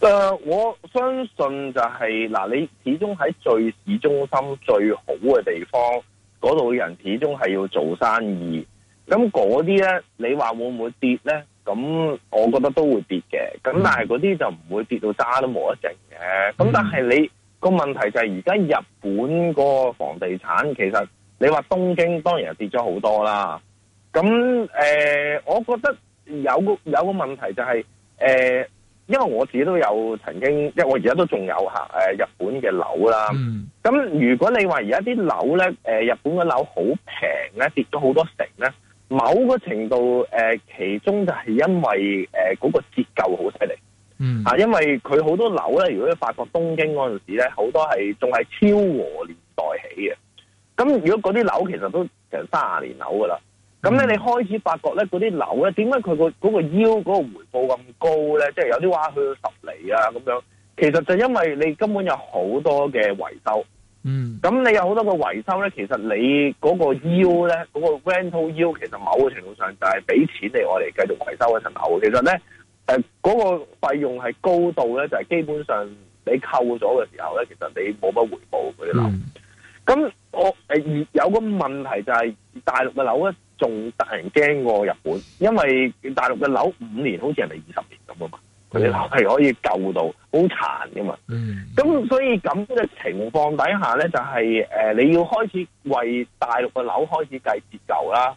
誒、呃，我相信就係、是、嗱,你始終喺最市中心最好嘅地方嗰度嘅人，始終係要做生意。咁嗰啲咧，你話會唔會跌咧？咁我覺得都會跌嘅。咁但係嗰啲就唔會跌到渣都冇得剩嘅。咁但係你、那個問題就係，而家日本個房地產其實你話東京當然係跌咗好多啦。咁誒、呃，我覺得有個有個問題就係、是、誒。呃因為我自己都有曾經，因為我而家都仲有嚇誒、呃、日本嘅樓啦。咁、嗯、如果你話而家啲樓咧，誒、呃、日本嘅樓好平咧，跌咗好多成咧，某個程度誒、呃、其中就係因為誒嗰、呃那個折舊好犀利。嗯啊，因為佢好多樓咧，如果你發覺東京嗰陣時咧，好多係仲係昭和年代起嘅。咁如果嗰啲樓其實都成三十年樓噶啦。咁咧，嗯、你開始發覺咧，嗰啲樓咧，點解佢個嗰 yield 嗰個回報咁高咧？即、就、係、是、有啲話去到十厘啊咁樣，其實就因為你根本有好多嘅維修，嗯，咁你有好多嘅維修咧，其實你嗰個 yield 咧，嗰、那個 rental yield，其實某個程度上就係俾錢你我哋繼續維修嗰層樓。其實咧，嗰、呃那個費用係高到咧，就係、是、基本上你扣咗嘅時候咧，其實你冇乜回報嗰啲樓。咁、嗯、我而、呃、有個問題就係大陸嘅樓咧。仲大然驚過日本，因為大陸嘅樓五年好似人哋二十年咁啊嘛，佢哋樓係可以舊到好殘噶嘛。咁、mm hmm. 所以咁嘅情況底下咧，就係、是、誒、呃、你要開始為大陸嘅樓開始計折舊啦。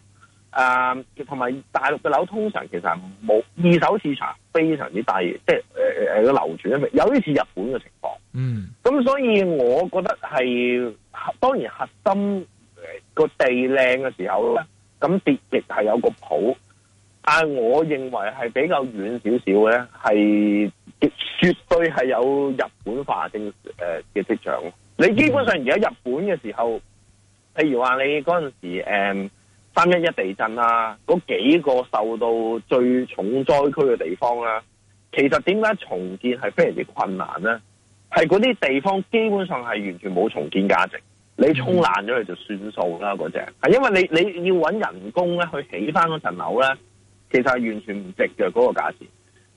誒同埋大陸嘅樓通常其實冇二手市場非常之大，即係誒誒誒個流轉，有啲似日本嘅情況。嗯、mm，咁、hmm. 所以我覺得係當然核心個、呃、地靚嘅時候咁跌亦係有個譜，但係我認為係比較遠少少咧，係絕對係有日本化定誒嘅跡象。你基本上而家日本嘅時候，譬如話你嗰陣時誒三一一地震啊，嗰幾個受到最重災區嘅地方啦，其實點解重建係非常之困難咧？係嗰啲地方基本上係完全冇重建價值。你衝爛咗佢就算數啦，嗰只係因為你你要搵人工咧去起返嗰層樓咧，其實係完全唔值嘅嗰、那個價錢。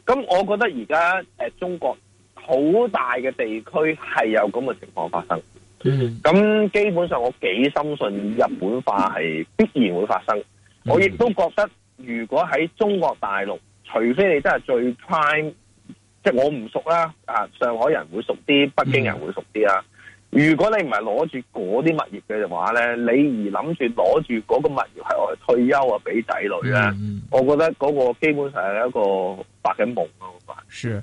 咁我覺得而家誒中國好大嘅地區係有咁嘅情況發生。嗯、mm，咁、hmm. 基本上我幾深信日本化係必然會發生。Mm hmm. 我亦都覺得如果喺中國大陸，除非你真係最 prime，即係我唔熟啦，啊上海人會熟啲，北京人會熟啲啦。Mm hmm. 如果你唔係攞住嗰啲物業嘅話咧，你而諗住攞住嗰個物業係我哋退休啊，俾仔女咧，我覺得嗰個基本上係一個發緊夢咯、啊，我覺得。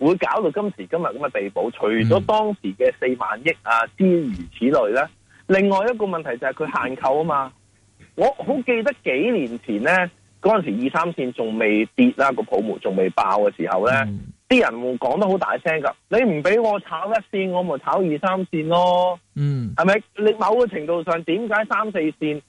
會搞到今時今日咁嘅地步，除咗當時嘅四萬億啊，諸如此類咧。另外一個問題就係佢限購啊嘛。我好記得幾年前咧，嗰陣時二三線仲未跌啦，個泡沫仲未爆嘅時候咧，啲、嗯、人講得好大聲噶，你唔俾我炒一線，我咪炒二三線咯。嗯，係咪？你某個程度上點解三四線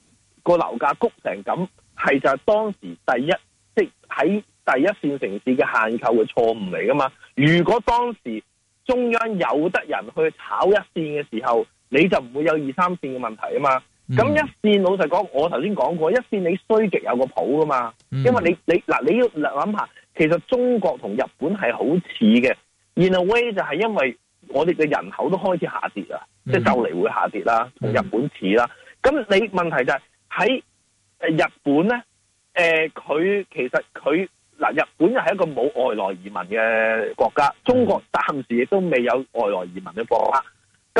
個樓價谷成咁？係就係當時第一，即喺第一線城市嘅限購嘅錯誤嚟㗎嘛。如果當時中央有得人去炒一線嘅時候，你就唔會有二三線嘅問題啊嘛。咁、嗯、一線老實講，我頭先講過，一線你衰極有個譜噶嘛。嗯、因為你你嗱，你要諗下，其實中國同日本係好似嘅，in a way 就係因為我哋嘅人口都開始下跌啦，即係、嗯、就嚟會下跌啦，同日本似啦。咁、嗯、你問題就係、是、喺日本咧，誒、呃、佢其實佢。日本又係一個冇外來移民嘅國家，中國暫時亦都未有外來移民嘅國家。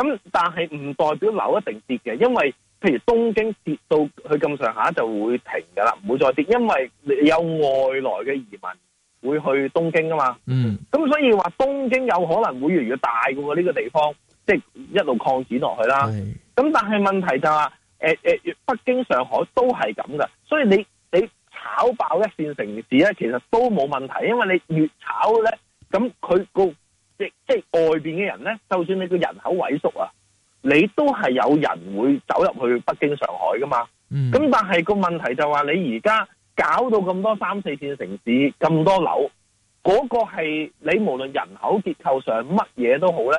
咁但係唔代表樓一定跌嘅，因為譬如東京跌到去咁上下就會停噶啦，唔會再跌，因為有外來嘅移民會去東京啊嘛。嗯，咁所以話東京有可能會越嚟越大嘅喎，呢個地方即係、就是、一路擴展落去啦。咁、嗯、但係問題就係，誒誒，北京、上海都係咁噶，所以你你。炒爆一線城市咧，其實都冇問題，因為你越炒咧，咁佢個即即外邊嘅人咧，就算你個人口萎縮啊，你都係有人會走入去北京、上海㗎嘛。咁、嗯、但係個問題就話你而家搞到咁多三四線城市咁多樓，嗰、那個係你無論人口結構上乜嘢都好咧，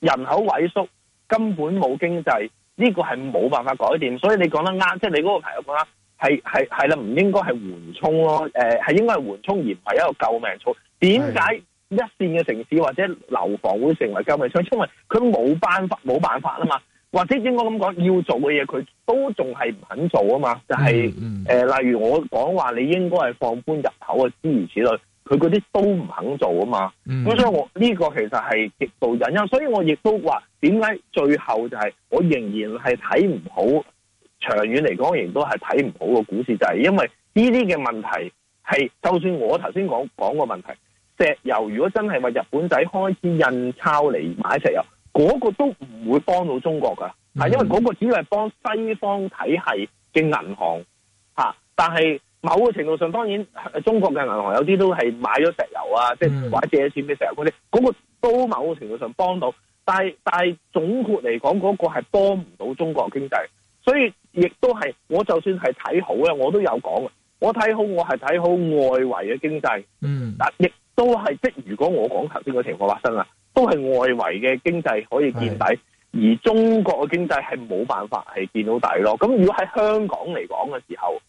人口萎縮根本冇經濟，呢、這個係冇辦法改變。所以你講得啱，即、就、係、是、你嗰個朋友講啦。係係係啦，唔應該係緩衝咯，誒、呃、係應該係緩衝，而唔係一個救命措。點解一線嘅城市或者樓房會成為救命措？因為佢冇辦法冇辦法啊嘛，或者應該咁講，要做嘅嘢佢都仲係唔肯做啊嘛。就係、是、誒、嗯嗯呃，例如我講話你應該係放寬入口啊，諸如此類，佢嗰啲都唔肯做啊嘛。咁、嗯、所以我呢、這個其實係極度隱憂，所以我亦都話點解最後就係我仍然係睇唔好。長遠嚟講，仍然都係睇唔好個股市，就係因為呢啲嘅問題係，就算我頭先講講個問題，石油如果真係話日本仔開始印鈔嚟買石油，嗰個都唔會幫到中國噶，係因為嗰個只係幫西方體系嘅銀行嚇。但係某個程度上，當然中國嘅銀行有啲都係買咗石油啊，即係或者借咗錢俾石油嗰啲，嗰個都某個程度上幫到，但係但係總括嚟講，嗰個係幫唔到中國經濟，所以。亦都係，我就算係睇好咧，我都有講。我睇好，我係睇好外圍嘅經濟。嗯，但亦都係，即係如果我講頭先嘅情況發生啦，都係外圍嘅經濟可以見底，是而中國嘅經濟係冇辦法係見到底咯。咁如果喺香港嚟講嘅時候，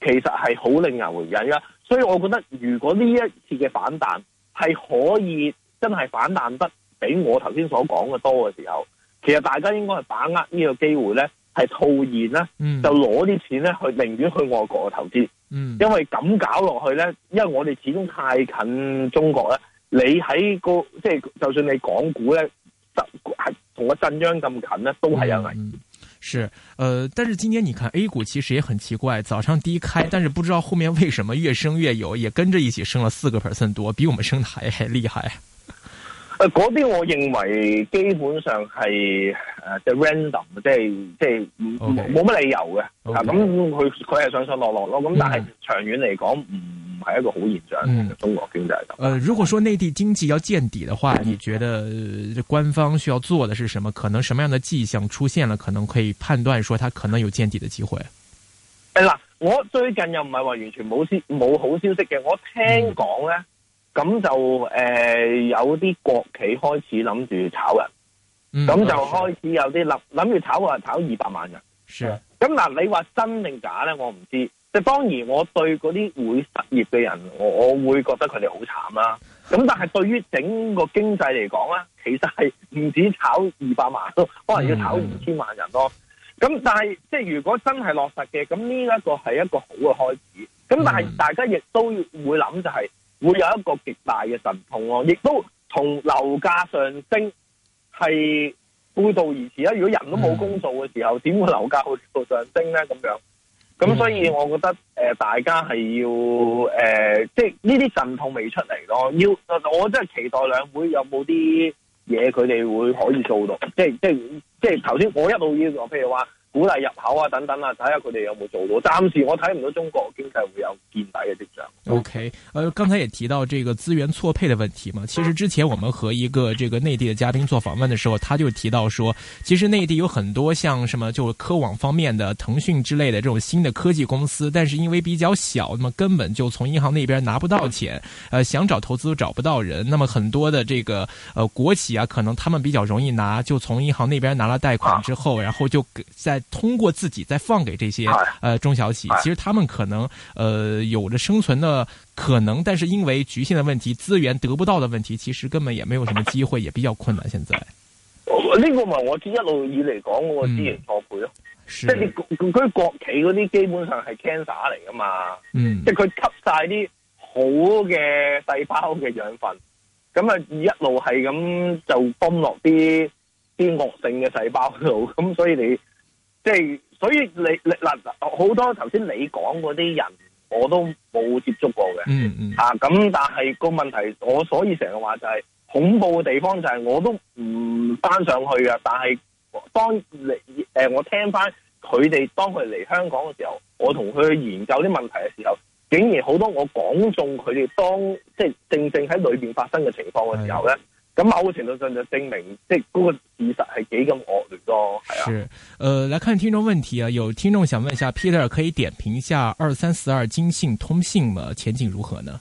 其實係好令人回忍噶。所以我覺得，如果呢一次嘅反彈係可以真係反彈得比我頭先所講嘅多嘅時候，其實大家應該係把握呢個機會咧。係套現啦，啊，就攞啲錢咧去寧願去外國嘅投資，嗯，因為咁搞落去咧，因為我哋始終太近中國啦。你喺個即係、就是，就算你港股咧，係同個震央咁近咧，都係有危險。是，呃，但是今年你看 A 股其實也很奇怪，早上低開，但是不知道後面為什麼越升越有，也跟着一起升了四個 percent 多，比我們升得還還厲害。誒，嗰啲我認為基本上係誒，即係 random，即係即係冇乜理由嘅。啊 Okay. Okay.，咁佢佢係上上落落咯。咁、嗯、但係長遠嚟講，唔係一個好現象嘅中國經濟係咁。誒、嗯呃，如果說內地經濟要見底嘅話，嗯、你覺得官方需要做嘅是什麼？可能什麼樣的跡象出現了，可能可以判斷說，它可能有見底的機會？誒嗱、嗯，我最近又唔係話完全冇消冇好消息嘅，我聽講咧。咁就誒、呃、有啲國企開始諗住炒人，咁、嗯、就開始有啲諗諗住炒啊，炒二百萬人。咁嗱的，你話真定假咧？我唔知。即係當然，我對嗰啲會失業嘅人，我我會覺得佢哋好慘啦、啊。咁但係對於整個經濟嚟講咧，其實係唔止炒二百萬咯，可能要炒五千萬人咯。咁、嗯、但係即係如果真係落實嘅，咁呢一個係一個好嘅開始。咁但係大家亦都會諗就係、是。會有一個極大嘅陣痛咯，亦都同樓價上升係背道而馳啦。如果人都冇工做嘅時候，點會樓價去個上升咧？咁樣咁，所以我覺得誒、呃，大家係要誒、呃，即係呢啲陣痛未出嚟咯。要我真係期待兩會有冇啲嘢佢哋會可以做到，即係即係即係頭先我一路要講，譬如話。鼓勵入口啊，等等啊，睇下佢哋有冇做到。暫時我睇唔到中國經濟會有見底嘅跡象。OK，呃，剛才也提到這個資源錯配嘅問題嘛。其實之前我們和一個這個內地嘅嘉賓做訪問嘅時候，他就提到說，其實內地有很多像什麼就科網方面的騰訊之類的這種新的科技公司，但是因為比較小，那麼根本就從銀行那邊拿不到錢。呃，想找投資都找不到人。那麼很多的這個呃國企啊，可能他們比較容易拿，就從銀行那邊拿了貸款之後，然後就喺。通過自己再放給這些，中小企業，的其實他們可能，呃、有着生存的可能，但是因為局限的問題，資源得不到的問題，其實根本也沒有什麼機會，也比較困難。現在，呢個咪我一路以嚟講個資源錯配咯，即係佢國企嗰啲基本上係 cancer 嚟噶嘛，嗯、即係佢吸晒啲好嘅細胞嘅養分，咁啊一路係咁就泵落啲啲惡性嘅細胞度，咁所以你。即係、就是，所以你你嗱好多頭先你講嗰啲人，我都冇接觸過嘅。嗯嗯、啊。咁但係個問題，我所以成日話就係、是、恐怖嘅地方就係，我都唔翻上去啊。但係當你誒、呃，我聽翻佢哋當佢嚟香港嘅時候，我同佢去研究啲問題嘅時候，竟然好多我講中佢哋當即係、就是、正正喺裏邊發生嘅情況嘅時候咧。咁某個程度上就證明，即係嗰個事實係幾咁惡劣咯，係啊。是，誒、呃，來看聽眾問題啊，有聽眾想問一下 Peter，可以點評一下二三四二京信通信嘛？前景如何呢？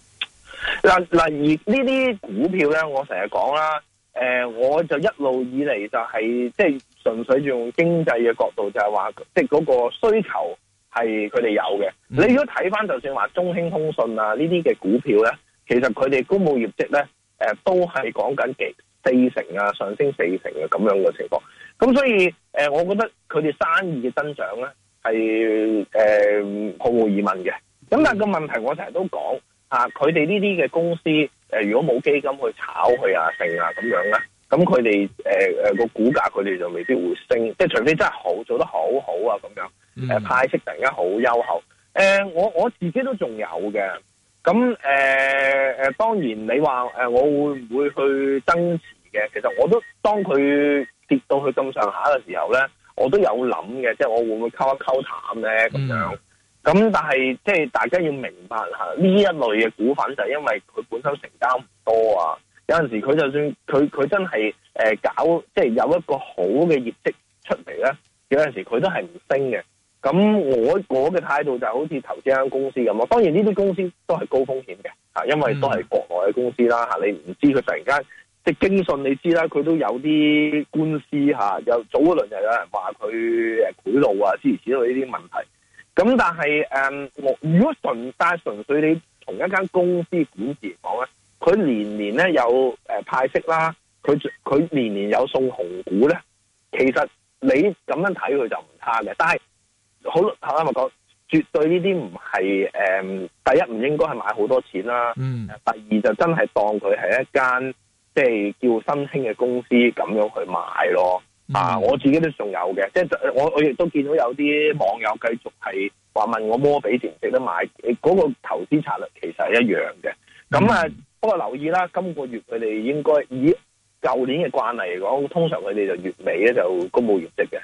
嗱嗱，而呢啲股票咧，我成日講啦，誒、呃，我就一路以嚟就係即係純粹用經濟嘅角度就就係話，即係嗰個需求係佢哋有嘅。嗯、你如果睇翻，就算話中興通訊啊呢啲嘅股票咧，其實佢哋公務業績咧，誒都係講緊幾四成啊，上升四成嘅、啊、咁樣嘅情況，咁所以誒，我覺得佢哋生意嘅增長咧係誒毫無疑問嘅。咁但係個問題我是都，我成日都講啊，佢哋呢啲嘅公司誒，如果冇基金去炒佢啊升啊咁樣咧，咁佢哋誒誒個股價佢哋就未必會升，即係除非真係好做得好好啊咁樣誒，派息突然間好優厚誒、呃，我我自己都仲有嘅。咁誒誒，當然你話誒、呃，我會唔會去增持嘅？其實我都當佢跌到去咁上下嘅時候咧，我都有諗嘅，即係我會唔會溝一溝淡咧咁樣。咁、嗯、但係即係大家要明白吓，呢一類嘅股份就係因為佢本身成交唔多啊，有陣時佢就算佢佢真係誒搞，即係有一個好嘅業績出嚟咧，有陣時佢都係唔升嘅。咁我我嘅態度就好似投資間公司咁咯，當然呢啲公司都係高風險嘅嚇，因為都係國內嘅公司啦嚇，你唔知佢突然間即經信你知啦，佢都有啲官司嚇，又早一輪又有人話佢誒賄賂啊，諸如此類呢啲問題。咁但係誒，我、嗯、如果純但純粹你同一間公司管治嚟講咧，佢年年咧有誒派息啦，佢佢年年有送紅股咧，其實你咁樣睇佢就唔差嘅，但係。好，我啱啱咪講，絕對呢啲唔係誒，第一唔應該係買好多錢啦。嗯。第，是、mm. 第二就真係當佢係一間即係叫新興嘅公司咁樣去買咯。Mm. 啊，我自己都仲有嘅，即係我我亦都見到有啲網友繼續係話問我摩比值唔值得買，嗰、那個投資策略其實係一樣嘅。咁、mm. 啊，不過留意啦，今個月佢哋應該以舊年嘅慣例嚟講，通常佢哋就月尾咧就公布業績嘅。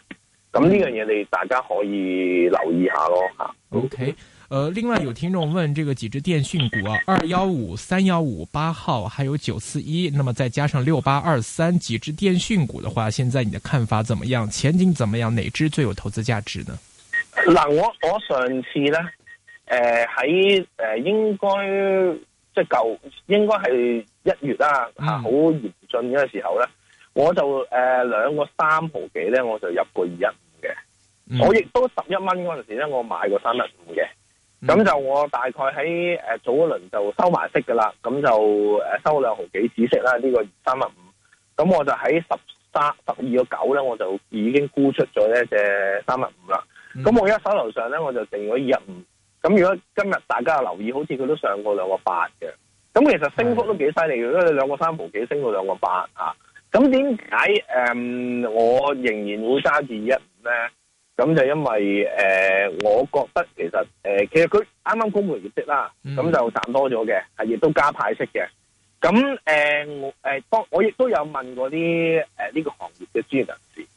咁呢樣嘢你大家可以留意下咯吓。OK，、呃、另外有聽眾問，這個幾支電訊股啊，二幺五、三幺五、八號，還有九四一，那麼再加上六八二三，幾支電訊股的話，現在你的看法怎麼樣？前景怎麼樣？哪支最有投資價值呢？嗱、呃，我我上次呢，誒喺誒應該即係舊，應該係一月啦、啊，吓好、嗯、嚴峻嘅時候呢，我就誒、呃、兩個三毫幾呢，我就入過二一。Mm hmm. 我亦都十一蚊嗰陣時咧，我買過三一五嘅。咁、mm hmm. 就我大概喺誒、呃、早一輪就收埋息噶啦，咁就誒收兩毫幾止息啦。呢、這個三一五，咁我就喺十三十二個九咧，9, 我就已經沽出咗呢隻三一五啦。咁、mm hmm. 我而家手頭上咧，我就定咗二一五。咁如果今日大家留意，好似佢都上過兩個八嘅。咁其實升幅都幾犀利嘅，mm hmm. 因為兩個三毫幾升到兩個八啊。咁點解誒我仍然會揸住二一五咧？咁就因為誒、呃，我覺得其實誒、呃，其實佢啱啱公佈業績啦，咁就賺多咗嘅，係亦都加派息嘅。咁誒，誒、呃，當我亦都有問過啲誒呢個行業嘅專業人士，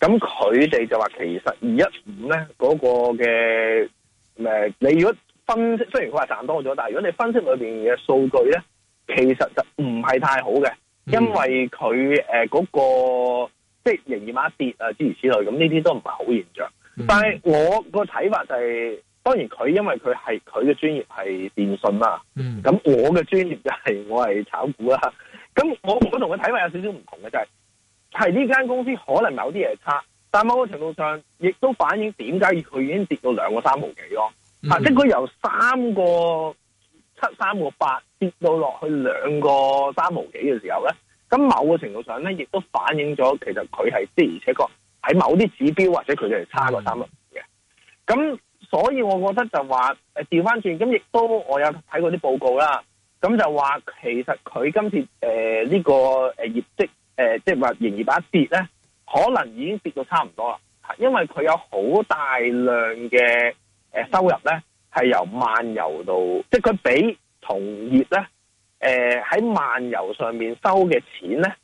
咁佢哋就話其實二一五咧嗰個嘅誒、呃，你如果分析，雖然佢話賺多咗，但係如果你分析裏邊嘅數據咧，其實就唔係太好嘅，因為佢誒嗰個。即係營業額跌啊，諸如此類，咁呢啲都唔係好現象。嗯、但係我個睇法就係、是，當然佢因為佢係佢嘅專業係電信嘛、啊，咁、嗯、我嘅專業就係、是、我係炒股啦、啊。咁我我同佢睇法有少少唔同嘅、就是，就係係呢間公司可能某啲嘢差，但係某個程度上亦都反映點解佢已經跌到兩個三毫幾咯、啊。嗯、啊，即係佢由三個七、三個八跌到落去兩個三毫幾嘅時候咧。咁某個程度上咧，亦都反映咗其實佢係跌，而且確喺某啲指標或者佢就係差過三六 e 嘅。咁、嗯、所以我覺得就話調翻轉，咁亦都我有睇過啲報告啦。咁就話其實佢今次誒呢、呃這個誒業績誒、呃、即係話營業一跌咧，可能已經跌到差唔多啦，因為佢有好大量嘅收入咧係、嗯、由漫遊到，即係佢比同業咧。誒，喺、呃、漫遊上面收嘅錢咧，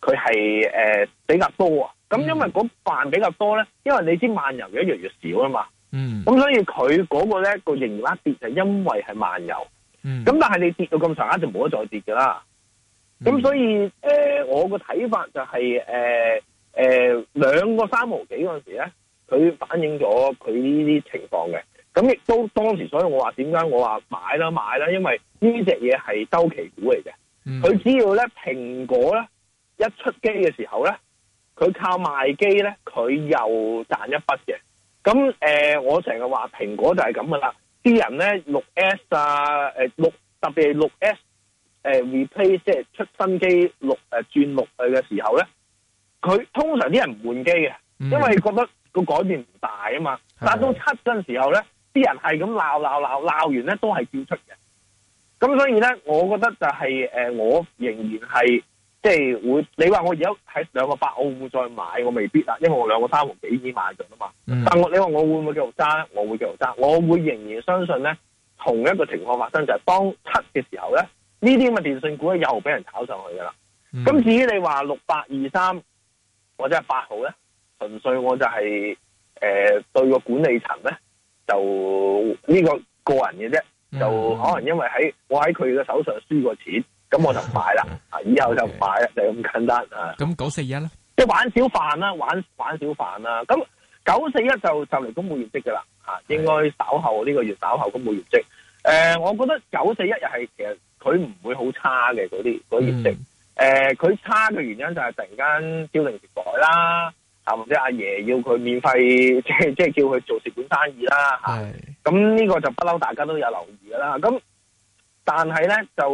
佢係誒比較多啊。咁因為嗰飯比較多咧，因為你知漫遊而家越來越少啊嘛，嗯、嗯。嗯。咁、嗯嗯、所以佢嗰、呃就是呃呃、個咧個營業額跌就因為係漫遊。嗯。咁但係你跌到咁上下就冇得再跌噶啦。咁所以誒，我個睇法就係誒誒，兩個三毫幾嗰陣時咧，佢反映咗佢呢啲情況嘅。咁亦都當時，所以我話點解我話買啦買啦，因為。呢隻嘢係周期股嚟嘅，佢、嗯、只要咧蘋果咧一出機嘅時候咧，佢靠賣機咧，佢又賺一筆嘅。咁誒、呃，我成日話蘋果就係咁噶啦。啲人咧六 S 啊，誒、呃、六特別係六 S 誒、呃、replace 即係出新機六誒轉六去嘅時候咧，佢通常啲人唔換機嘅，嗯、因為覺得個改變唔大啊嘛。是的但到七嗰陣時候咧，啲人係咁鬧鬧鬧鬧完咧，都係叫出嘅。咁所以咧，我覺得就係誒，我仍然係即係會。Wie, 你話我而家喺兩個八毫會再買，我未必啦因為我兩個三毫幾已買咗嘛。Mm hmm. 但我你話我會唔會繼續揸咧？我會繼續揸。我會仍然相信咧，同一個情況發生就係當七嘅時候咧，呢啲咁嘅電信股又俾人炒上去噶啦。咁至於你話六百二三或者八毫咧，純粹我就係誒對個管理層咧，就呢個個人嘅啫。就可能因為喺我喺佢嘅手上輸過錢，咁我就唔買啦，啊以後就唔買啦，就咁簡單啊。咁九四一咧，即係玩小販啦，玩玩小販啦。咁九四一就就嚟公布業績噶啦，吓，應該稍後呢個月稍後公布業績。誒、呃，我覺得九四一又係其實佢唔會好差嘅嗰啲嗰業績。誒，佢、嗯呃、差嘅原因就係突然間招令改啦。啊或者阿爺要佢免費即係即係叫佢做蝕本生意啦係，咁呢個就不嬲大家都有留意噶啦。咁但係咧就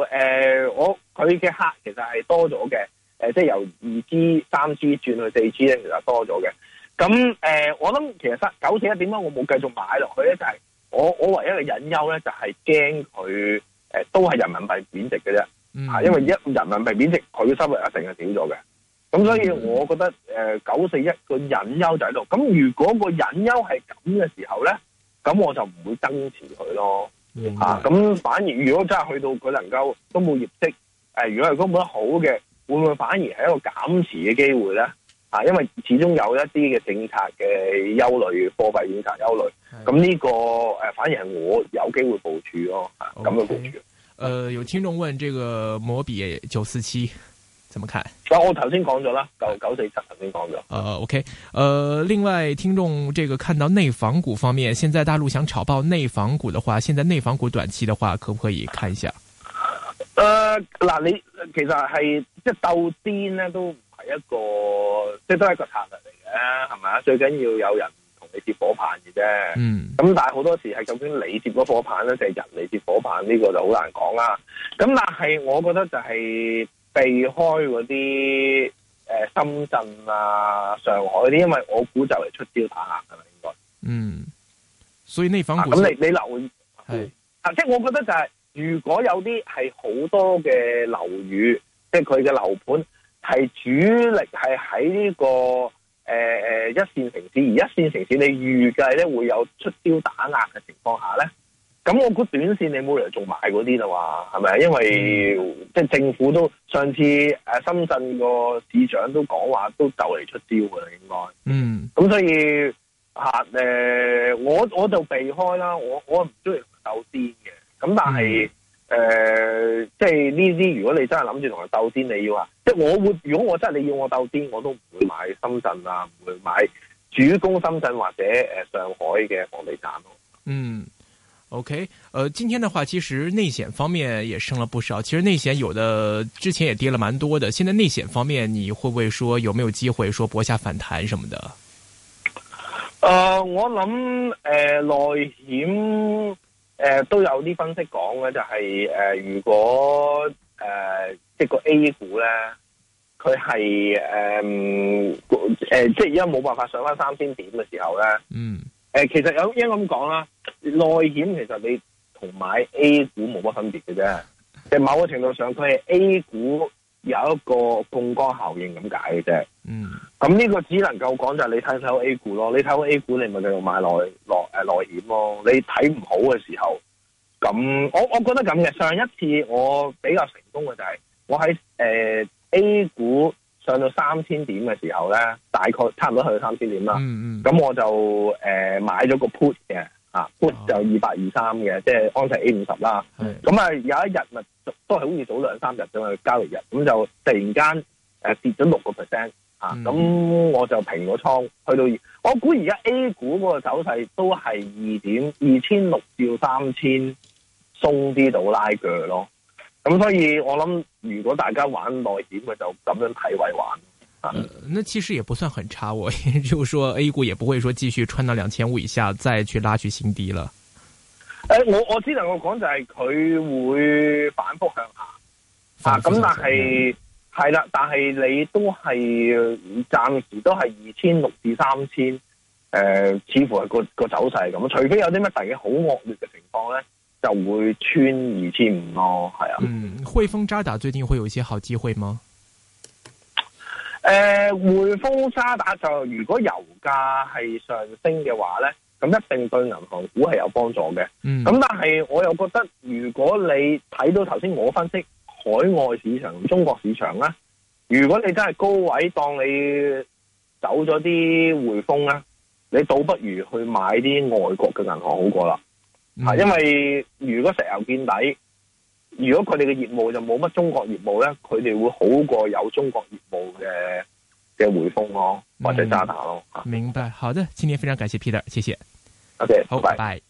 誒、呃、我佢嘅客其實係多咗嘅，誒即係由二 G 三 G 轉去四 G 咧，其實多咗嘅。咁誒、呃、我諗其實九四一，點解我冇繼續買落去咧，就係、是、我我唯一嘅隱憂咧就係驚佢誒都係人民幣貶值嘅啫，吓、嗯、因為一人民幣貶值，佢收入一定係少咗嘅。咁、嗯嗯、所以我覺得誒九四一個隱憂就喺度，咁如果個隱憂係咁嘅時候咧，咁我就唔會增持佢咯。白啊，咁反而如果真係去到佢能夠都冇業績，誒、呃，如果係都冇得好嘅，會唔會反而係一個減持嘅機會咧？啊，因為始終有一啲嘅政策嘅憂慮，貨幣政策憂慮，咁呢的、這個誒、呃、反而係我有機會部署咯。咁、啊、Okay. 就部署。誒、呃，有聽眾問，這個摩比九四七。怎麼看？嗱、啊，我頭先講咗啦，九九四七頭先講咗。誒、呃，OK，誒、呃，另外聽眾，這個看到內房股方面，現在大陸想炒爆內房股的話，現在內房股短期的話，可不可以看一下？誒、呃，嗱，你其實係即係鬥癲咧，都唔係一個即係都係一個策略嚟嘅，係咪啊？最緊要有人同你接火棒嘅啫。嗯。咁但係好多時係究竟，你接火棒咧，就係人嚟接火棒，呢個就好難講啦。咁但係我覺得就係、是。避開嗰啲誒深圳啊、上海啲，因為我估就係出招打壓㗎喇，應該。嗯，所以呢方面咁你你留意。係是啊，即係我覺得就係、是，如果有啲係好多嘅樓宇，即係佢嘅樓盤係主力係喺呢個誒誒、呃、一線城市，而一線城市你預計咧會有出招打壓嘅情況下咧？咁我估短線你冇嚟，做買嗰啲啦嘛，係咪啊？因為、嗯、即係政府都上次誒深圳個市長都講話都就嚟出招嘅，應該。嗯。咁所以吓誒、啊，我我就避開啦。我我唔中意同佢鬥癲嘅。咁但係誒、嗯呃，即係呢啲，如果你真係諗住同佢鬥癲，你要啊，即係我會。如果我真係你要我鬥癲，我都唔會買深圳啊，唔會買主攻深圳或者誒上海嘅房地產咯。嗯。OK，誒、呃，今天的話其實內險方面也升了不少。其實內險有的之前也跌了蠻多的，現在內險方面你會唔會說有沒有機會說博下反彈什麼的？誒、呃，我諗誒、呃、內險誒、呃、都有啲分析講嘅、就是，就係誒如果誒、呃、即個 A 股咧，佢係誒誒即係而家冇辦法上翻三千點嘅時候咧，嗯，誒、呃、其實有啲應該咁講啦。內險其實你同買 A 股冇乜分別嘅啫，即係某個程度上佢係 A 股有一個槓桿效應咁解嘅啫。嗯，咁呢個只能夠講就係你睇睇好 A 股咯，你睇好 A 股你咪繼續買內內誒內險咯。你睇唔好嘅時候，咁我我覺得咁嘅。上一次我比較成功嘅就係我喺誒 A 股上到三千點嘅時候咧，大概差唔多去到三千點啦。嗯嗯，咁我就誒買咗個 put 嘅。啊，股、啊、就二百二三嘅，即係安踏 A 五十啦。咁啊的有一日咪都係好似早兩三日咁去交易日，咁就突然間誒、呃、跌咗六個 percent 啊。咁、嗯、我就平咗倉，去到我估而家 A 股嗰個走勢都係二點二千六到三千鬆啲度拉鋸咯。咁所以我諗，如果大家玩內險嘅就咁樣睇位玩。啊、呃，那其實也不算很差，我就說 A 股也不會說繼續穿到兩千五以下再去拉去新低了。誒、呃，我我只能夠講就係佢會反覆向下，啊，咁但係係啦，但係你都係暫時都係二千六至三千，誒，似乎係個個走勢咁，除非有啲乜突然好惡劣嘅情況咧，就會穿二千五咯，係啊。嗯，匯豐渣打最近會有一些好機會嗎？誒，匯豐、呃、渣打就如果油價係上升嘅話咧，咁一定對銀行股係有幫助嘅。咁、mm hmm. 但係我又覺得，如果你睇到頭先我分析海外市場同中國市場咧，如果你真係高位當你走咗啲匯豐咧，你倒不如去買啲外國嘅銀行好過啦。Mm hmm. 因為如果石油見底。如果佢哋嘅業務就冇乜中國業務咧，佢哋會好過有中國業務嘅嘅匯豐咯，或者渣打咯、嗯。明白，好的，今天非常感謝 Peter，謝謝。OK，好，拜拜。